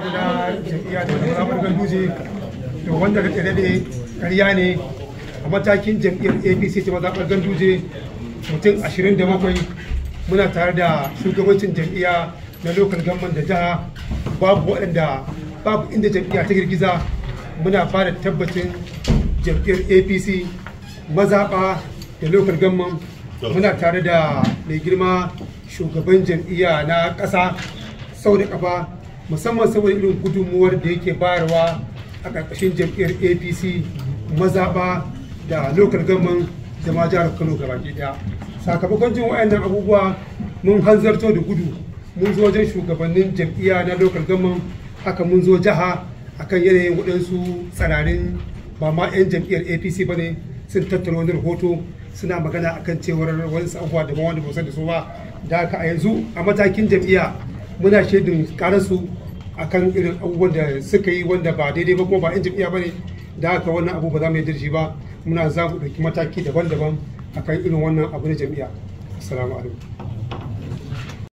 guda jam'iyya jam'iya ramar ganduje to wanda ka tsere ne karya ne a matakin jam'iyyar apc ta mazaɓar ganduje mutum ashirin da bakwai muna tare da shugabancin jam'iyya na lokal gamban da jiha babu waɗanda babu inda jam'iyya ta girgiza muna ba da tabbacin jam'iyyar apc mazaɓa da lokal gamban muna tare da mai girma shugaban jam'iyya na ƙasa sau da ƙafa musamman saboda irin gudunmuwar da yake bayarwa a ƙarƙashin jam'iyyar apc mazaɓa da lokal gaman da jihar kano gabaki ɗaya sakamakon jin wa'annan abubuwa mun hanzarto da gudu mun zo wajen shugabannin jam'iyya na lokal gaman haka mun zo jiha akan yanayin waɗansu tsararin ba ma 'yan jam'iyyar apc ba ne sun tattara wani rahoto suna magana akan cewar wani abubuwa da ma wanda ba da su ba da haka a yanzu a matakin jam'iyya muna shaidun karasu akan irin abubuwan da suka yi wanda ba daidai ba kuma ba yan jam'iyya ba ne da haka wannan abu ba za mu yi dirji ba muna za mu ɗauki mataki daban-daban akan irin wannan abu na jam'iyya assalamu alaikum